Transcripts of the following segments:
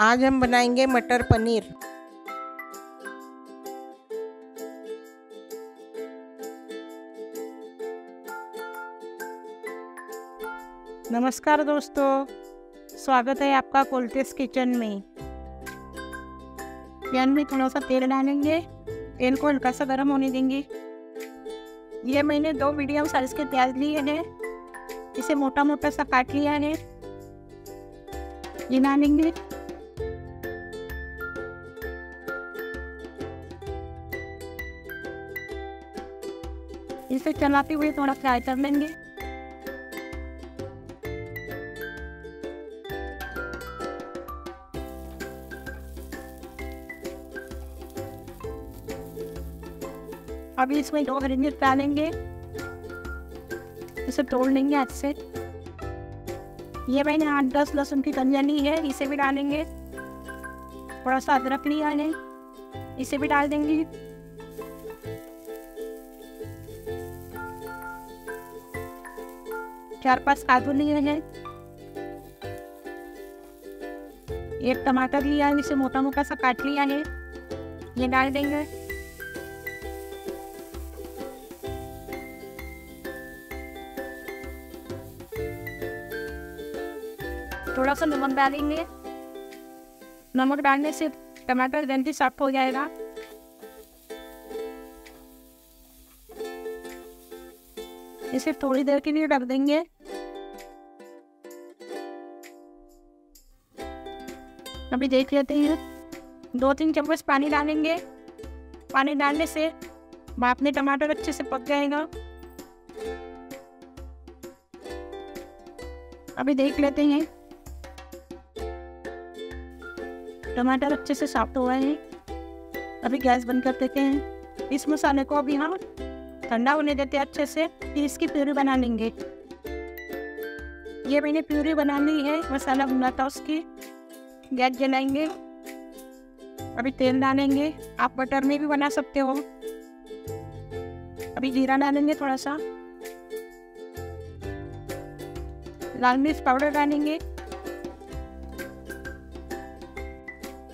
आज हम बनाएंगे मटर पनीर नमस्कार दोस्तों स्वागत है आपका कोल्टेस किचन में पैन में थोड़ा सा तेल डालेंगे तेल को हल्का सा गर्म होने देंगे ये मैंने दो मीडियम साइज के प्याज लिए हैं इसे मोटा मोटा सा काट लिया है ये डालेंगे इसे चलाते हुए थोड़ा फ्राई कर लेंगे अब इसमें दो हरी मिर्च डालेंगे इसे तोड़ लेंगे हाथ से ये मैंने आठ दस लहसुन की धनिया ली है इसे भी डालेंगे थोड़ा सा अदरक लिया है इसे भी डाल देंगे चार पांच आलू लिए हैं एक टमाटर लिया है इसे मोटा मोटा सा काट लिया है ये डाल देंगे थोड़ा सा नमक डालेंगे नमक डालने से टमाटर जल्दी सॉफ्ट हो जाएगा इसे थोड़ी देर के लिए रख देंगे अभी देख लेते हैं दो तीन चम्मच पानी डालेंगे पानी डालने से अपने टमाटर अच्छे से पक जाएगा अभी देख लेते हैं टमाटर अच्छे से सॉफ्ट हो गए हैं अभी गैस बंद कर देते हैं इस मसाले को अभी हम ठंडा होने देते अच्छे से फिर इसकी प्यूरी बना लेंगे ये मैंने प्यूरी बना ली है मसाला भुना था उसकी गैस जलाएंगे अभी तेल डालेंगे आप बटर में भी बना सकते हो अभी जीरा डालेंगे थोड़ा सा लाल मिर्च पाउडर डालेंगे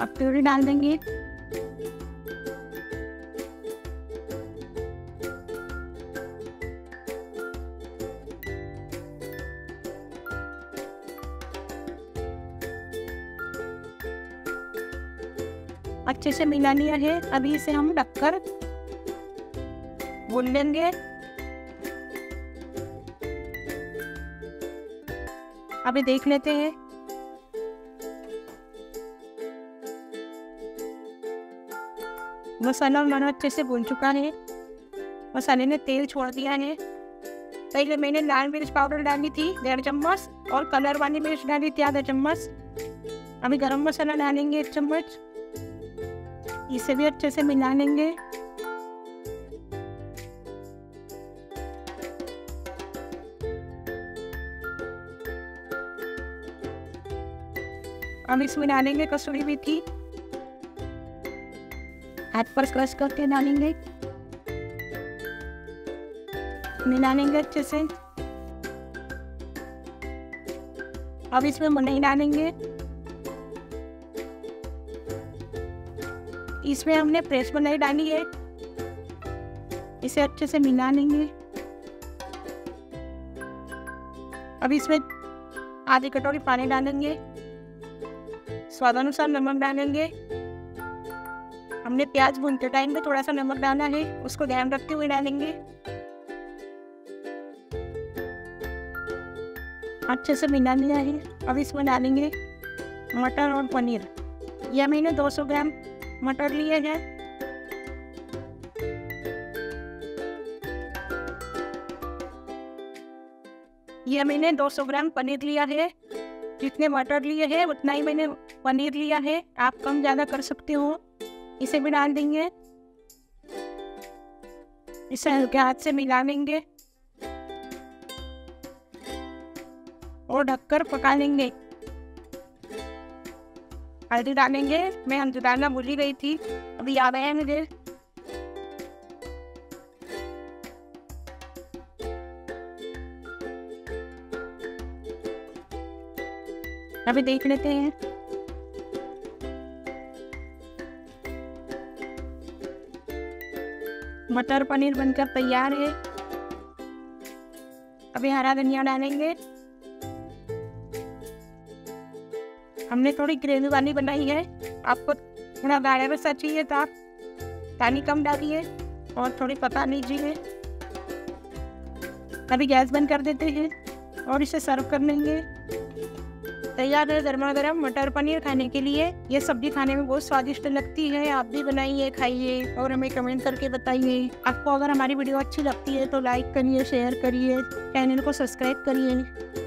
अब प्यूरी डाल देंगे अच्छे से मिला लिया है अभी इसे हम ढककर भून लेंगे अभी देख लेते हैं मसाला मैंने अच्छे से भून चुका है मसाले ने तेल छोड़ दिया है पहले मैंने लाल मिर्च पाउडर डाली थी डेढ़ चम्मच और कलर वाली मिर्च डाली थी आधा चम्मच अभी गरम मसाला डालेंगे एक चम्मच इसे भी अच्छे से मिला लेंगे हम इसमें डालेंगे कसूरी मेथी हाथ पर क्रश करके डालेंगे मिला लेंगे अच्छे से अब इसमें मनई डालेंगे इसमें हमने फ्रेश मलाई डाली है इसे अच्छे से मिला लेंगे अब इसमें आधी कटोरी पानी डालेंगे स्वादानुसार नमक डालेंगे हमने प्याज भूनते टाइम पे थोड़ा सा नमक डाला है उसको ध्यान रखते हुए डालेंगे अच्छे से मिला लिया है अब इसमें डालेंगे मटर और पनीर यह मैंने 200 ग्राम मटर लिए हैं ये मैंने 200 ग्राम पनीर लिया है जितने मटर लिए हैं उतना ही मैंने पनीर लिया है आप कम ज़्यादा कर सकते हो इसे भी डाल देंगे इसे हल्के हाथ से मिला लेंगे और ढककर पका लेंगे हल्दी डालेंगे मैं हल्दी डालना भूल ही गई थी अभी याद आया मुझे अभी देख लेते हैं मटर पनीर बनकर तैयार है अभी हरा धनिया डालेंगे हमने थोड़ी ग्रेवी वाली बनाई है आपको थोड़ा गाढ़ा रसा चाहिए तो आप पानी कम डालिए और थोड़ी पता लीजिए अभी गैस बंद कर देते हैं और इसे सर्व कर लेंगे तैयार है गर्मा गर्म मटर पनीर खाने के लिए ये सब्जी खाने में बहुत स्वादिष्ट लगती है आप भी बनाइए खाइए और हमें कमेंट करके बताइए आपको अगर हमारी वीडियो अच्छी लगती है तो लाइक करिए शेयर करिए चैनल को सब्सक्राइब करिए